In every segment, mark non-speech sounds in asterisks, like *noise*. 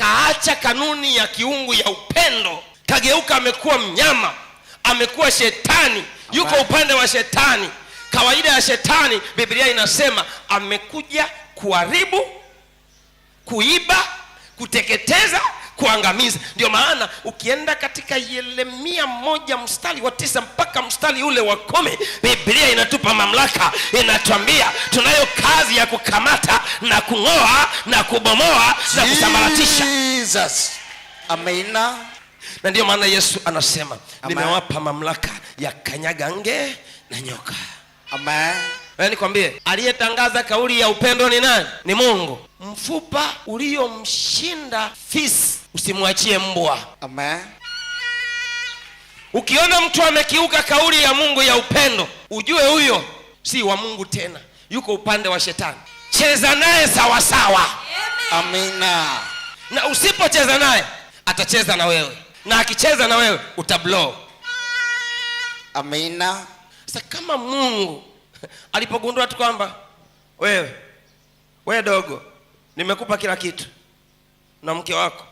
kaacha kanuni ya kiungu ya upendo kageuka amekuwa mnyama amekuwa shetani yuko upande wa shetani kawaida ya shetani biblia inasema amekuja kuharibu kuiba kuteketeza kuangamiza. Ndio maana ukienda katika Yeremia moja mstari wa tisa mpaka mstari ule wa kumi Biblia inatupa mamlaka, inatuambia tunayo kazi ya kukamata na kung'oa na kubomoa na kusambaratisha. Amina. Na ndiyo maana Yesu anasema nimewapa mamlaka ya kanyaga nge na nyoka. Amen. Nikwambie, aliyetangaza kauli ya upendo ni nani? Ni Mungu. Mfupa uliomshinda fisi usimwachie mbwa. Amen. Ukiona mtu amekiuka kauli ya Mungu ya upendo, ujue huyo si wa Mungu tena, yuko upande wa shetani. Cheza naye sawasawa. Amina. Na usipocheza naye atacheza na wewe, na akicheza na wewe utablow. Amina. Sasa kama Mungu alipogundua tu kwamba wewe wee dogo, nimekupa kila kitu na mke wako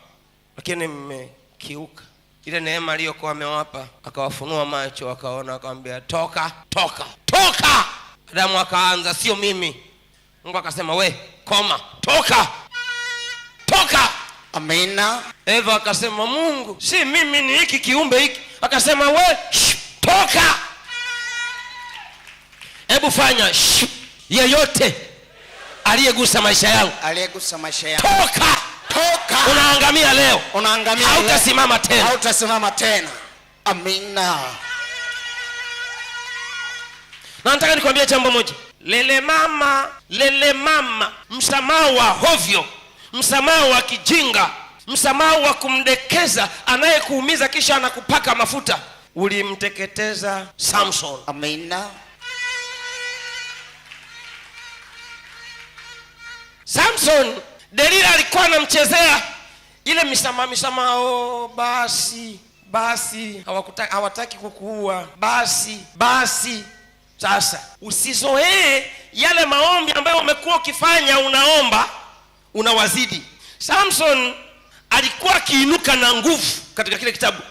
lakini mmekiuka ile neema aliyokuwa amewapa akawafunua macho akaona akamwambia toka toka toka adamu akaanza sio mimi mungu akasema we koma toka toka amina eva akasema mungu si mimi ni hiki kiumbe hiki akasema we toka hebu fanya yeyote aliyegusa maisha yangu aliyegusa maisha yangu toka unaangamia leo unaangamia hautasimama tena hautasimama tena amina na nataka nikwambia jambo moja lele mama lele mama msamao wa hovyo msamao wa kijinga msamao wa kumdekeza anayekuumiza kisha anakupaka mafuta ulimteketeza samson amina samson delila alikuwa anamchezea ile misamaha misamaha, o basi basi, hawataki kukuua, basi basi. Sasa usizoee yale maombi ambayo umekuwa ukifanya, unaomba unawazidi. Samson alikuwa akiinuka na nguvu katika kile kitabu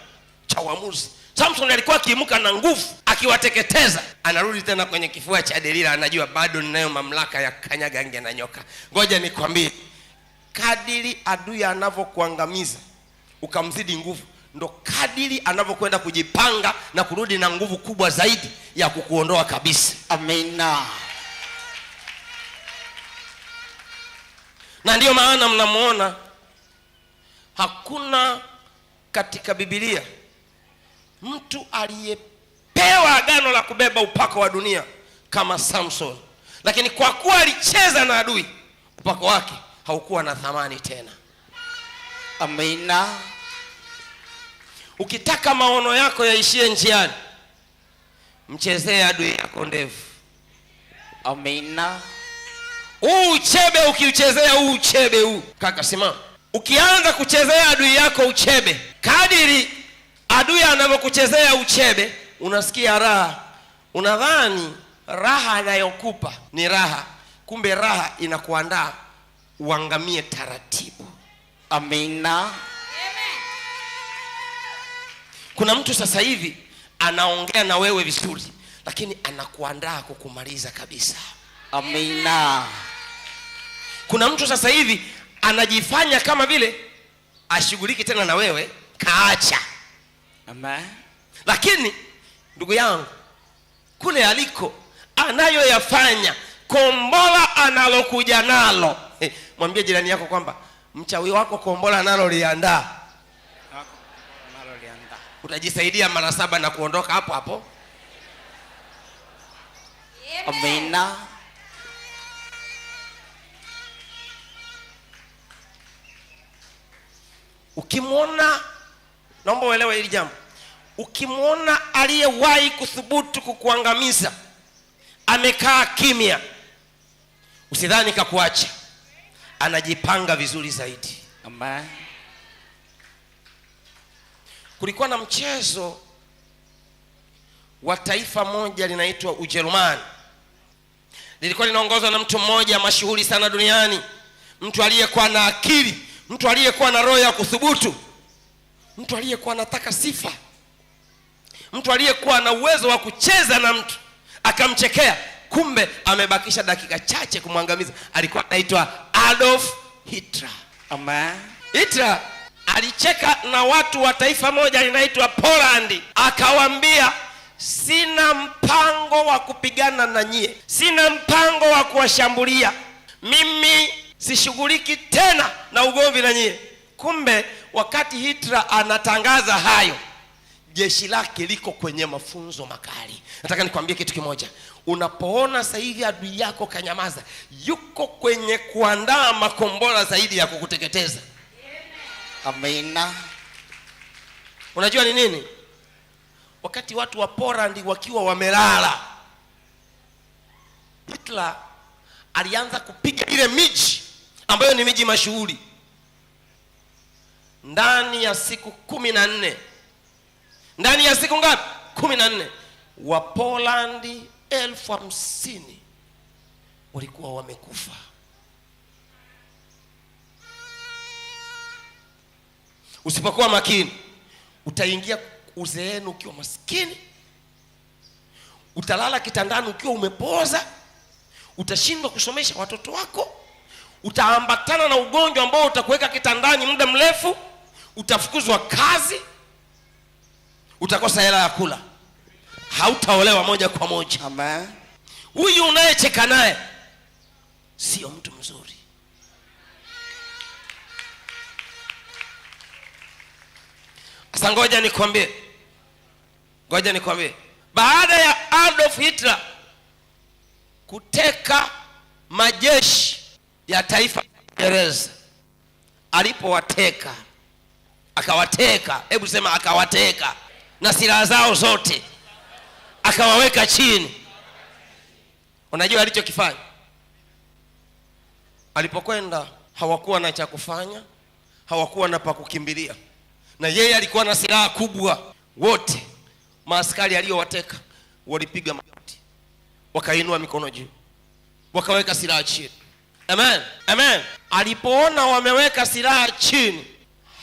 cha Uamuzi. Samson alikuwa akiimuka na nguvu akiwateketeza, anarudi tena kwenye kifua cha Delila, anajua bado ninayo mamlaka ya kanyaga nge na nyoka. Ngoja nikwambie kadiri adui anavyokuangamiza ukamzidi nguvu ndo kadiri anavyokwenda kujipanga na kurudi na nguvu kubwa zaidi ya kukuondoa kabisa amina na ndiyo maana mnamwona hakuna katika bibilia mtu aliyepewa agano la kubeba upako wa dunia kama samson lakini kwa kuwa alicheza na adui upako wake haukuwa na thamani tena. Amina. Ukitaka maono yako yaishie njiani, mchezee adui yako ndevu. Amina. Huu uchebe ukiuchezea huu uchebe huu, kaka simama. Ukianza kuchezea adui yako uchebe, kadiri adui anavyokuchezea uchebe, unasikia raha. Unadhani raha anayokupa ni raha, kumbe raha inakuandaa uangamie taratibu. Amina. Kuna mtu sasa hivi anaongea na wewe vizuri, lakini anakuandaa kukumaliza kabisa. Amina. Kuna mtu sasa hivi anajifanya kama vile ashughuliki tena na wewe, kaacha. Amen. Lakini ndugu yangu, kule aliko anayoyafanya kombola analokuja nalo *laughs* mwambie jirani yako kwamba mchawi wako kombola nalo utajisaidia mara saba na kuondoka hapo hapo amina ukimwona naomba uelewe hili jambo ukimwona aliyewahi kuthubutu kukuangamiza amekaa kimya usidhani kakuacha anajipanga vizuri zaidi Amen. kulikuwa na mchezo wa taifa moja linaitwa ujerumani lilikuwa linaongozwa na mtu mmoja mashuhuri sana duniani mtu aliyekuwa na akili mtu aliyekuwa na roho ya kuthubutu mtu aliyekuwa anataka sifa mtu aliyekuwa na uwezo wa kucheza na mtu akamchekea kumbe amebakisha dakika chache kumwangamiza alikuwa anaitwa adolf hitler Amen. hitler alicheka na watu wa taifa moja linaitwa polandi akawambia sina mpango wa kupigana na nyie sina mpango wa kuwashambulia mimi sishughuliki tena na ugomvi na nyie kumbe wakati hitler anatangaza hayo jeshi lake liko kwenye mafunzo makali nataka nikwambie kitu kimoja unapoona sahivi adui yako kanyamaza, yuko kwenye kuandaa makombora zaidi ya kukuteketeza. Amina. Unajua ni nini? Wakati watu wa Poland wakiwa wamelala, Hitler alianza kupiga ile miji ambayo ni miji mashuhuri. Ndani ya siku kumi na nne, ndani ya siku ngapi? kumi na nne, Wapolandi elfu hamsini walikuwa wamekufa. Usipokuwa makini, utaingia uzeeni ukiwa maskini, utalala kitandani ukiwa umepoza, utashindwa kusomesha watoto wako, utaambatana na ugonjwa ambao utakuweka kitandani muda mrefu, utafukuzwa kazi, utakosa hela ya kula hautaolewa moja kwa moja huyu unayecheka naye sio mtu mzuri sasa ngoja nikwambie ngoja nikwambie baada ya adolf hitler kuteka majeshi ya taifa uingereza alipowateka akawateka hebu sema akawateka na silaha zao zote akawaweka chini. Unajua alichokifanya alipokwenda, hawakuwa na cha kufanya, hawakuwa na pa kukimbilia, na yeye alikuwa na silaha kubwa. Wote maaskari aliyowateka walipiga magoti, wakainua mikono juu, wakaweka silaha chini. Amen, amen. Alipoona wameweka silaha chini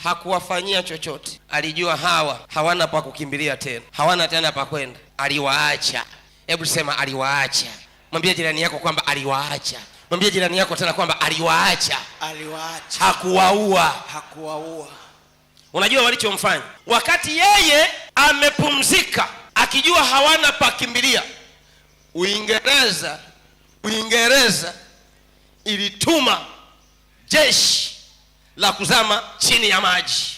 hakuwafanyia chochote. Alijua hawa hawana pa kukimbilia tena, hawana tena pa kwenda, aliwaacha. Hebu sema aliwaacha. Mwambie jirani yako kwamba aliwaacha. Mwambie jirani yako tena kwamba aliwaacha, aliwaacha, hakuwaua, hakuwaua. Unajua walichomfanya wakati yeye amepumzika, akijua hawana pakimbilia. Uingereza, Uingereza ilituma jeshi la kuzama chini ya maji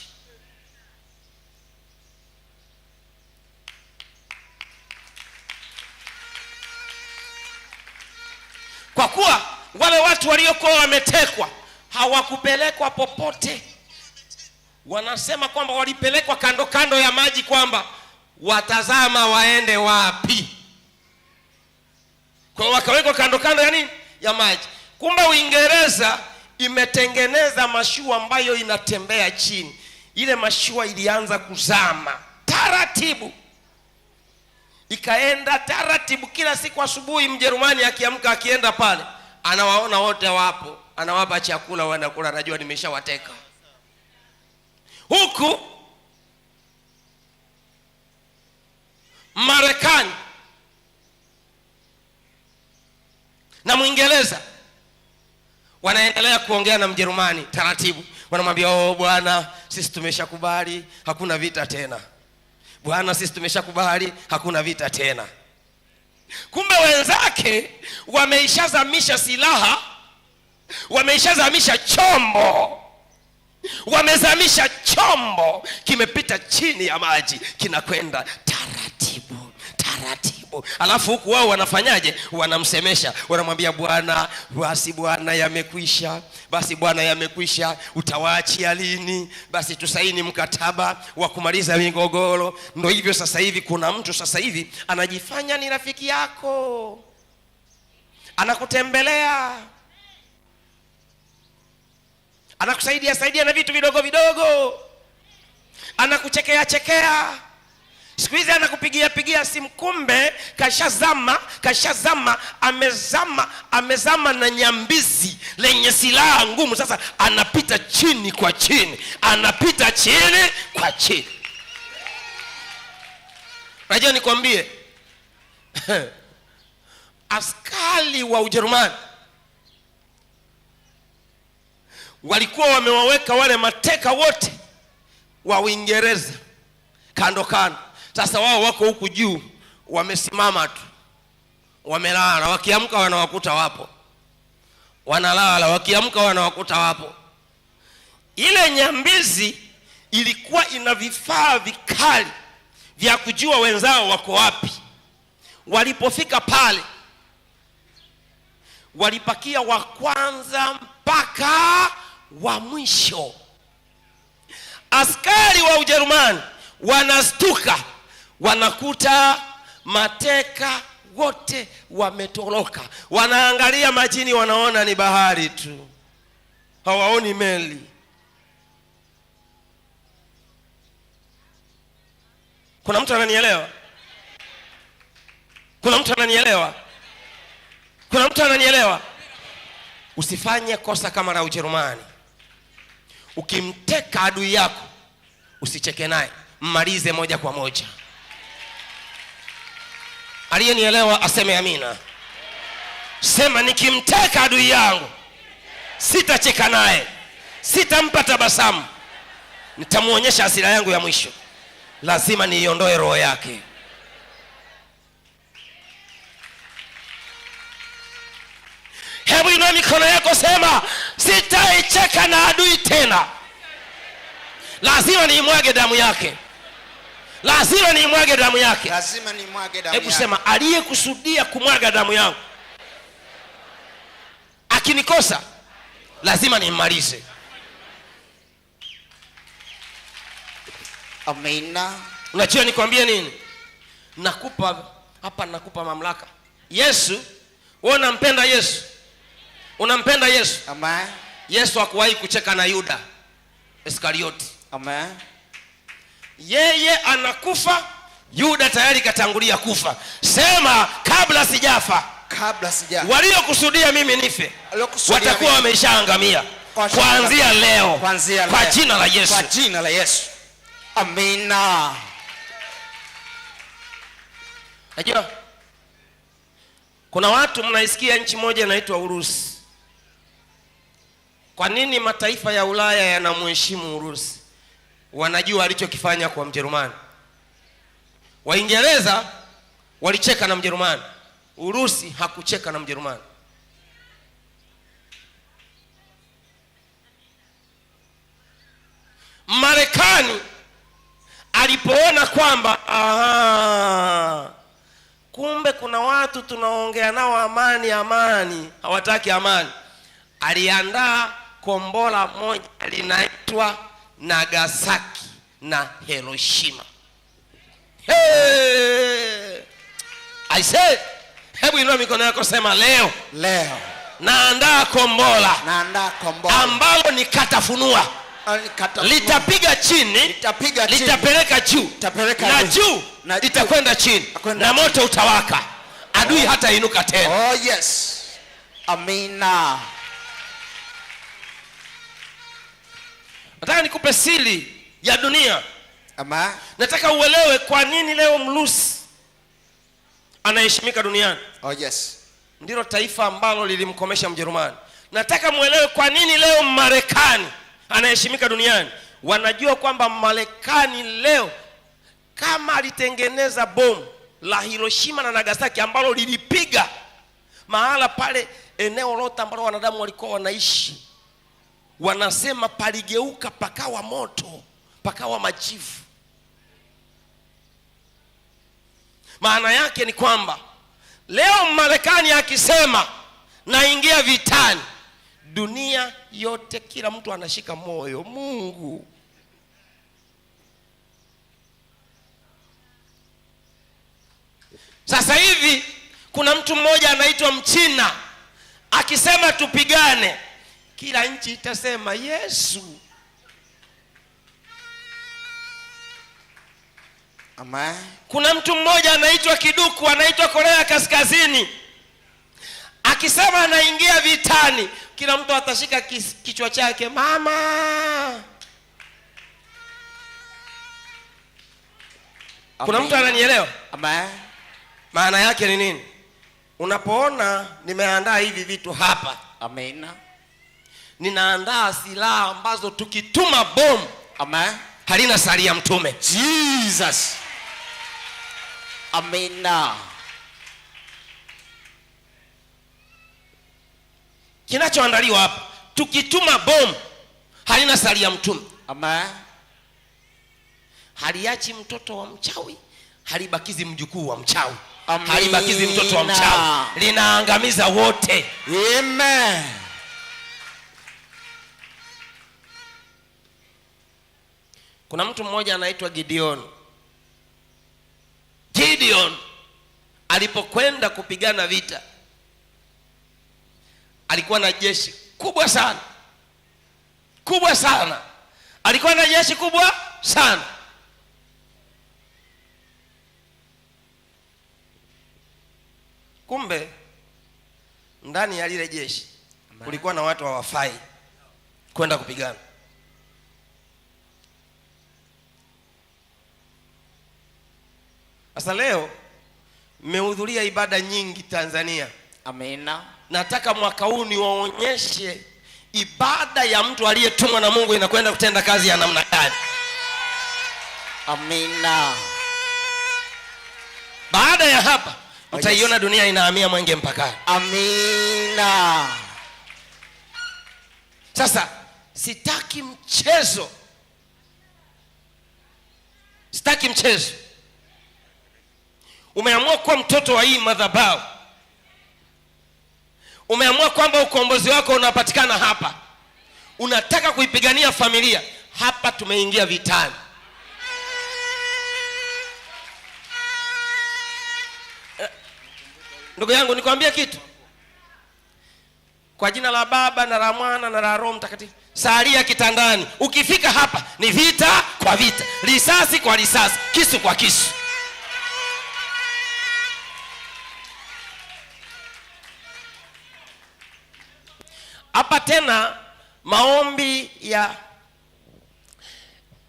kwa kuwa wale watu waliokuwa wametekwa hawakupelekwa popote wanasema kwamba walipelekwa kando kando ya maji kwamba watazama waende wapi kwa wakawekwa kando kando ya nini ya maji kumbe uingereza imetengeneza mashua ambayo inatembea chini. Ile mashua ilianza kuzama taratibu, ikaenda taratibu. Kila siku asubuhi Mjerumani akiamka, akienda pale, anawaona wote wapo, anawapa chakula, wanakula, anajua nimeshawateka huku Marekani na Mwingereza wanaendelea kuongea na mjerumani taratibu wanamwambia oh bwana sisi tumeshakubali hakuna vita tena bwana sisi tumeshakubali hakuna vita tena kumbe wenzake wameishazamisha silaha wameishazamisha chombo wamezamisha chombo kimepita chini ya maji kinakwenda alafu huku wao wanafanyaje wanamsemesha wanamwambia bwana basi bwana yamekwisha basi bwana yamekwisha utawaachia lini basi tusaini mkataba wa kumaliza migogoro ndo hivyo sasa hivi kuna mtu sasa hivi anajifanya ni rafiki yako anakutembelea anakusaidia saidia na vitu vidogo vidogo anakuchekea chekea, chekea siku hizi anakupigia pigia simu, kumbe kashazama, kashazama, amezama, amezama na nyambizi lenye silaha ngumu. Sasa anapita chini kwa chini, anapita chini kwa chini. Najua nikwambie, *laughs* askari wa Ujerumani walikuwa wamewaweka wale mateka wote wa Uingereza kando kando sasa wao wako huku juu, wamesimama tu, wamelala. Wakiamka wanawakuta wapo, wanalala. Wakiamka wanawakuta wapo. Ile nyambizi ilikuwa ina vifaa vikali vya kujua wenzao wako wapi. Walipofika pale, walipakia wa kwanza mpaka wa mwisho. Askari wa Ujerumani wanastuka wanakuta mateka wote wametoroka, wanaangalia majini, wanaona ni bahari tu, hawaoni meli. Kuna mtu ananielewa? Kuna mtu ananielewa? Kuna mtu ananielewa? Usifanye kosa kama la Ujerumani. Ukimteka adui yako usicheke naye, mmalize moja kwa moja aliyenielewa aseme amina sema nikimteka adui yangu sitacheka naye sitampa tabasamu nitamwonyesha asira yangu ya mwisho lazima niiondoe roho yake hebu inua mikono yako sema sitaicheka na adui tena lazima niimwage damu yake lazima niimwage damu yake lazima niimwage damu hebu sema aliyekusudia kumwaga damu yangu akinikosa lazima nimmalize amina unajua nikwambie nini nakupa hapa nakupa mamlaka yesu we unampenda yesu unampenda yesu Amen. yesu hakuwahi kucheka na yuda iskarioti Amen yeye anakufa yuda tayari katangulia kufa sema kabla sijafa kabla sija waliokusudia mimi nife watakuwa wameshaangamia kuanzia leo Kwanzia kwa jina la yesu kwa jina la yesu amina najua kuna watu mnaisikia nchi moja inaitwa urusi kwa nini mataifa ya ulaya yanamheshimu urusi wanajua alichokifanya kwa Mjerumani. Waingereza walicheka na Mjerumani, Urusi hakucheka na Mjerumani. Marekani alipoona kwamba aha, kumbe kuna watu tunaongea nao amani amani, hawataki amani, aliandaa kombora moja linaitwa Nagasaki na Hiroshima. Hey! I say, hebu inua mikono yako sema leo. Leo. Naandaa kombola Naandaa kombola Ambalo nikatafunua. Ah, litapiga chini, litapiga chini, litapeleka juu, na juu litakwenda chini, na moto utawaka, adui oh, inuka tena. Oh yes. Amina. nataka nikupe sili ya dunia Ama. nataka uelewe kwa nini leo mrusi anaheshimika duniani oh, yes. ndilo taifa ambalo lilimkomesha mjerumani nataka mwelewe kwa nini leo marekani anaheshimika duniani wanajua kwamba marekani leo kama alitengeneza bomu la hiroshima na nagasaki ambalo lilipiga mahala pale eneo lote ambalo wanadamu walikuwa wanaishi wanasema paligeuka pakawa moto, pakawa majivu. Maana yake ni kwamba leo Marekani akisema naingia vitani, dunia yote kila mtu anashika moyo. Mungu, sasa hivi kuna mtu mmoja anaitwa Mchina akisema tupigane kila nchi itasema Yesu. Ama kuna mtu mmoja anaitwa Kiduku, anaitwa Korea Kaskazini, akisema anaingia vitani, kila mtu atashika kichwa chake, mama. Kuna mtu ananielewa? Ama maana yake ni nini? Unapoona nimeandaa hivi vitu hapa, amina ninaandaa silaha ambazo tukituma bomu halina halina salia mtume jesus amina kinachoandaliwa hapa tukituma bomu halina ya mtume haliachi mtoto wa mchawi halibakizi mjukuu wa mchawi halibakizi mtoto wa mchawi linaangamiza wote amen kuna mtu mmoja anaitwa Gideon. Gideon alipokwenda kupigana vita alikuwa na jeshi kubwa sana kubwa sana, alikuwa na jeshi kubwa sana. Kumbe ndani ya lile jeshi kulikuwa na watu hawafai kwenda kupigana Sasa leo mmehudhuria ibada nyingi Tanzania. Amina. Nataka mwaka huu niwaonyeshe ibada ya mtu aliyetumwa na Mungu inakwenda kutenda kazi ya namna gani. Amina. Baada ya hapa mtaiona, oh, yes. Dunia inahamia Mwenge mpaka Amina. Sasa sitaki mchezo, sitaki mchezo umeamua kuwa mtoto wa hii madhabahu umeamua kwamba ukombozi wako unapatikana hapa unataka kuipigania familia hapa tumeingia vitani eh, ndugu yangu nikwambie kitu kwa jina la baba na la mwana na la roho mtakatifu salia kitandani ukifika hapa ni vita kwa vita risasi kwa risasi kisu kwa kisu tena maombi ya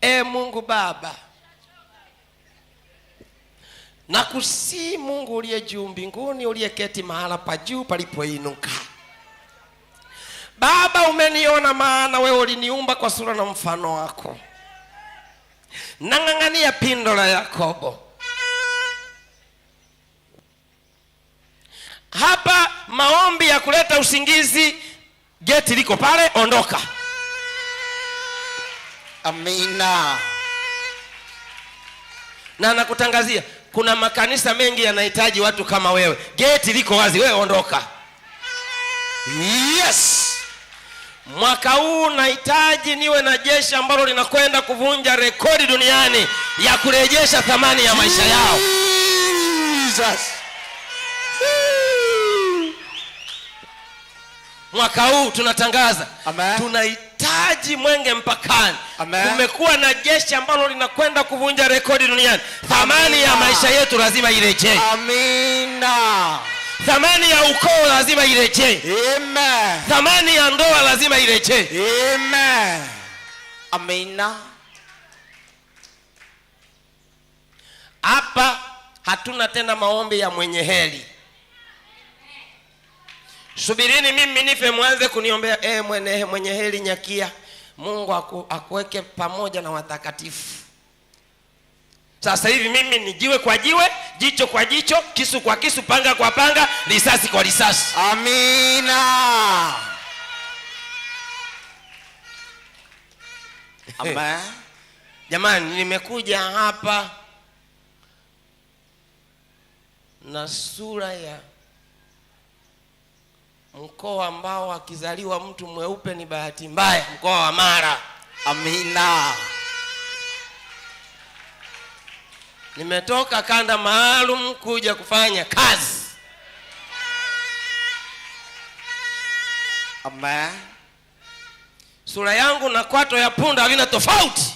e Mungu Baba na kusi Mungu uliye juu mbinguni, uliyeketi mahala pa juu palipoinuka. Baba, umeniona maana wewe uliniumba kwa sura na mfano wako. Nang'ang'ania pindo la Yakobo. Hapa maombi ya kuleta usingizi geti liko pale, ondoka. Amina. Na nakutangazia kuna makanisa mengi yanahitaji watu kama wewe. Geti liko wazi, wewe ondoka. Yes, mwaka huu nahitaji niwe na jeshi ambalo linakwenda kuvunja rekodi duniani ya kurejesha thamani ya maisha yao Jesus. mwaka huu tunatangaza tunahitaji mwenge mpakani kumekuwa na jeshi ambalo linakwenda kuvunja rekodi duniani thamani ya maisha yetu lazima irejee amina thamani ya ukoo lazima irejee thamani ya ndoa lazima irejee amina hapa hatuna tena maombi ya mwenye heli subirini mimi nife mwanze kuniombea. E eh, mwenye, mwenye heri Nyakia, Mungu aku, akuweke pamoja na watakatifu. Sasa hivi mimi ni jiwe kwa jiwe, jicho kwa jicho, kisu kwa kisu, panga kwa panga, risasi kwa risasi. Amina. Eh, Amba, jamani, nimekuja hapa na sura ya mkoa ambao akizaliwa mtu mweupe ni bahati mbaya, mkoa wa Mara. Amina. Nimetoka kanda maalum kuja kufanya kazi. Amen. Sura yangu na kwato ya punda havina tofauti.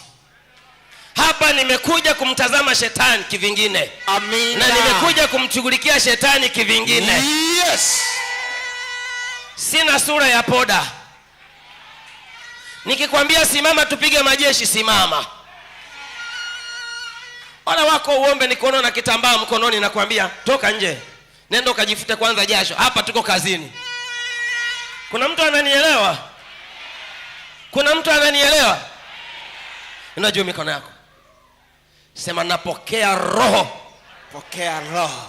Hapa nimekuja kumtazama shetani kivingine. Amina. Na nimekuja kumshughulikia shetani kivingine. Yes sina sura ya poda. Nikikwambia simama tupige majeshi, simama. Wala wako uombe nikuona na kitambaa mkononi, nakwambia toka nje, nenda ukajifute kwanza jasho, hapa tuko kazini. Kuna mtu ananielewa? Kuna mtu ananielewa? Unajua mikono yako, sema napokea roho, pokea roho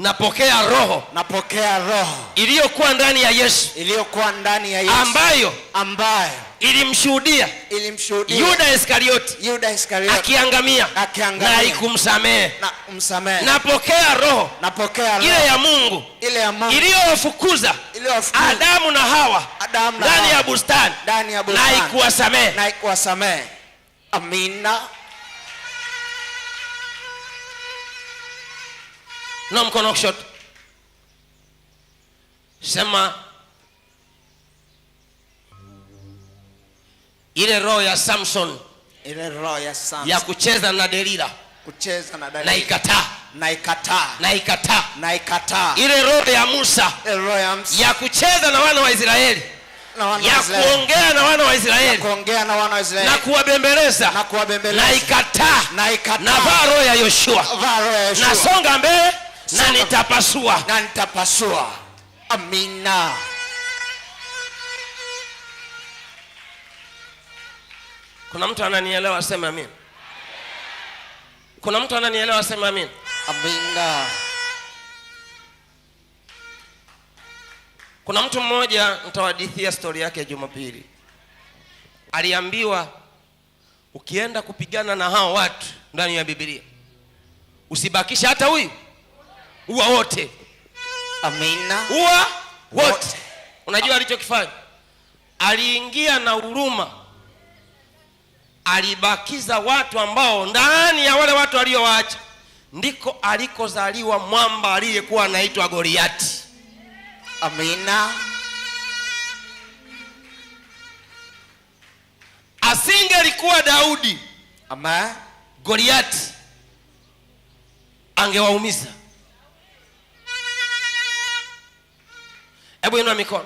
napokea roho napokea roho iliyokuwa ndani ya yesu iliyokuwa ndani ya yesu ambayo ambayo ilimshuhudia ilimshuhudia yuda iskarioti yuda iskarioti akiangamia akiangamia na haikumsamehe na kumsamehe napokea roho napokea roho ile ya mungu ile ya mungu iliyowafukuza adamu na hawa adamu na ndani ya bustani ndani ya bustani na haikuwasamehe na haikuwasamehe amina na mkono wa kushoto sema ile roho ya Samson ile roho ya Samson ya kucheza na Delila kucheza na Delila na ikataa na ikataa na ikataa na ikataa ile roho ya Musa ya kucheza na wana wa Israeli ya kuongea na wana wa Israeli na kuwabembeleza na ikataa na ikataa na vaa roho ya Yoshua nasonga mbele na nitapasua na nitapasua. Amina. Kuna mtu ananielewa? Aseme amin. Kuna mtu ananielewa? Aseme amin. Amina. Kuna mtu mmoja nitawadithia stori yake ya Jumapili. Aliambiwa ukienda kupigana na hao watu ndani ya Biblia usibakishe hata huyu uwa wote amina uwa wote, unajua alichokifanya aliingia na huruma alibakiza watu ambao ndani ya wale watu aliyowaacha ndiko alikozaliwa mwamba aliyekuwa anaitwa goliati amina asingelikuwa daudi ama goliati angewaumiza hebu inua mikono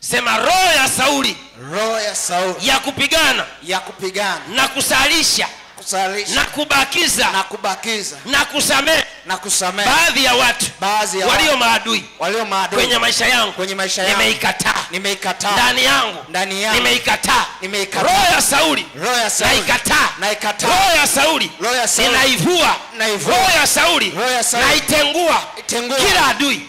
sema roho ya sauli roho ya sauli ya kupigana ya kupigana na kusalisha kusalisha na kubakiza na kubakiza na kusamehe na kusamehe baadhi ya watu baadhi ya walio maadui walio maadui kwenye maisha yangu kwenye maisha yangu nimeikataa nimeikataa ndani yangu ndani yangu nimeikataa nimeikataa roho ya Sauli roho ya Sauli naikataa naikataa roho ya Sauli roho ya Sauli ninaivua naivua roho ya Sauli roho ya Sauli naitengua itengua kila adui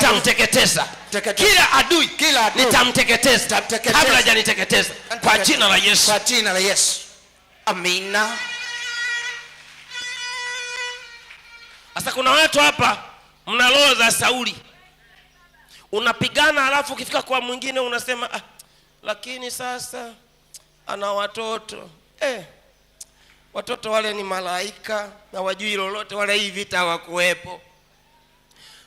tamteketeza kila adui, nitamteketeza kabla hajaniteketeza kwa jina la yesu, amina sasa kuna watu hapa mna roho za sauli unapigana alafu ukifika kwa mwingine unasema ah, lakini sasa ana watoto eh, watoto wale ni malaika na wajui lolote wale hii vita hawakuwepo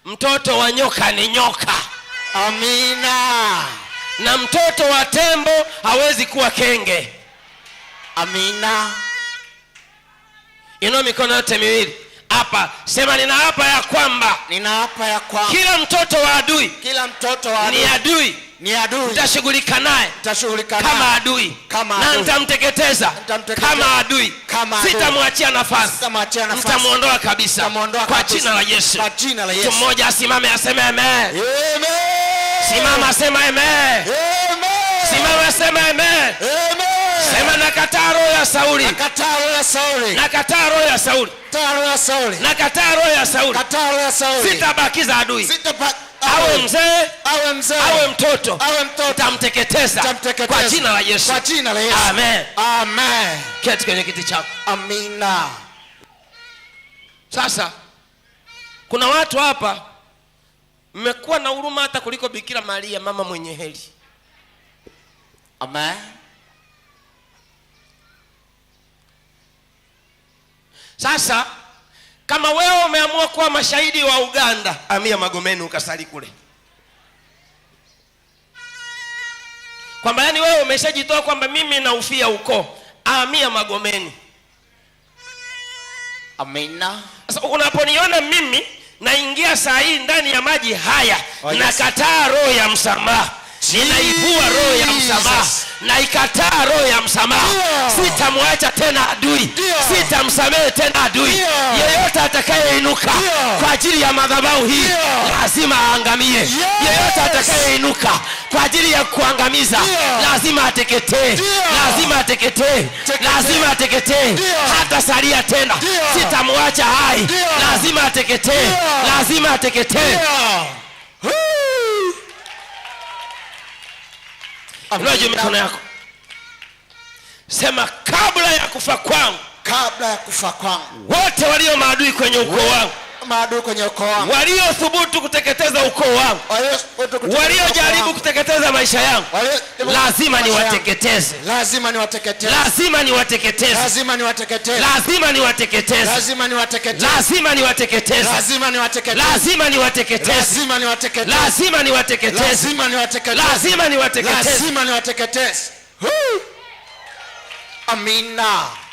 mtoto wa nyoka ni nyoka amina na mtoto wa tembo hawezi kuwa kenge amina inua mikono yote miwili hapa sema nina hapa ya kwamba nina hapa ya kwamba kila mtoto wa adui kila mtoto wa adui ni adui ni adui nitashughulika naye naye kama adui kama adui na nitamteketeza kama adui kama adui sitamwachia nafasi sitamwachia nafasi nitamwondoa kabisa kwa jina la yesu kwa jina la Yesu mmoja asimame aseme amen amen simama sema amen amen simama sema amen amen sema nakataa roho ya sauli nakataa roho ya sauli nakataa roho ya sauli nakataa roho ya sauli sitabakiza adui Sitaba- awe mzee awe mzee awe mtoto awe mtoto tamteketeza kwa jina la Yesu kwa jina la Yesu amen amen keti kwenye kiti chako amina sasa kuna watu hapa mmekuwa na huruma hata kuliko Bikira Maria mama mwenye heli amen Sasa kama wewe umeamua kuwa mashahidi wa Uganda, amia Magomeni ukasali kule, kwamba yani wewe umeshajitoa kwamba mimi naufia ukoo, amia Magomeni. Amina. Sasa unaponiona mimi naingia saa hii ndani ya maji haya, oh, yes. Nakataa roho ya msamaha ninaivua roho ya msamaha naikataa roho ya msamaha sitamwacha tena adui sitamsamehe tena adui yeyote atakayeinuka kwa ajili ya madhabau hii lazima aangamie yeyote atakayeinuka kwa ajili ya kuangamiza lazima ateketee lazima ateketee lazima ateketee hata salia tena sitamwacha hai lazima ateketee lazima ateketee unaje mikono yako sema kabla ya kufa kwangu kabla ya kufa kwangu wote walio maadui kwenye ukoo wangu maadui kwenye ukoo wangu waliothubutu kuteketeza ukoo wangu waliojaribu kuteketeza maisha yangu lazima niwateketeze lazima niwateketeze lazima niwateketeze lazima niwateketeze lazima niwateketeze lazima niwateketeze lazima niwateketeze lazima niwateketeze lazima niwateketeze lazima niwateketeze lazima niwateketeze lazima niwateketeze lazima niwateketeze lazima niwateketeze amina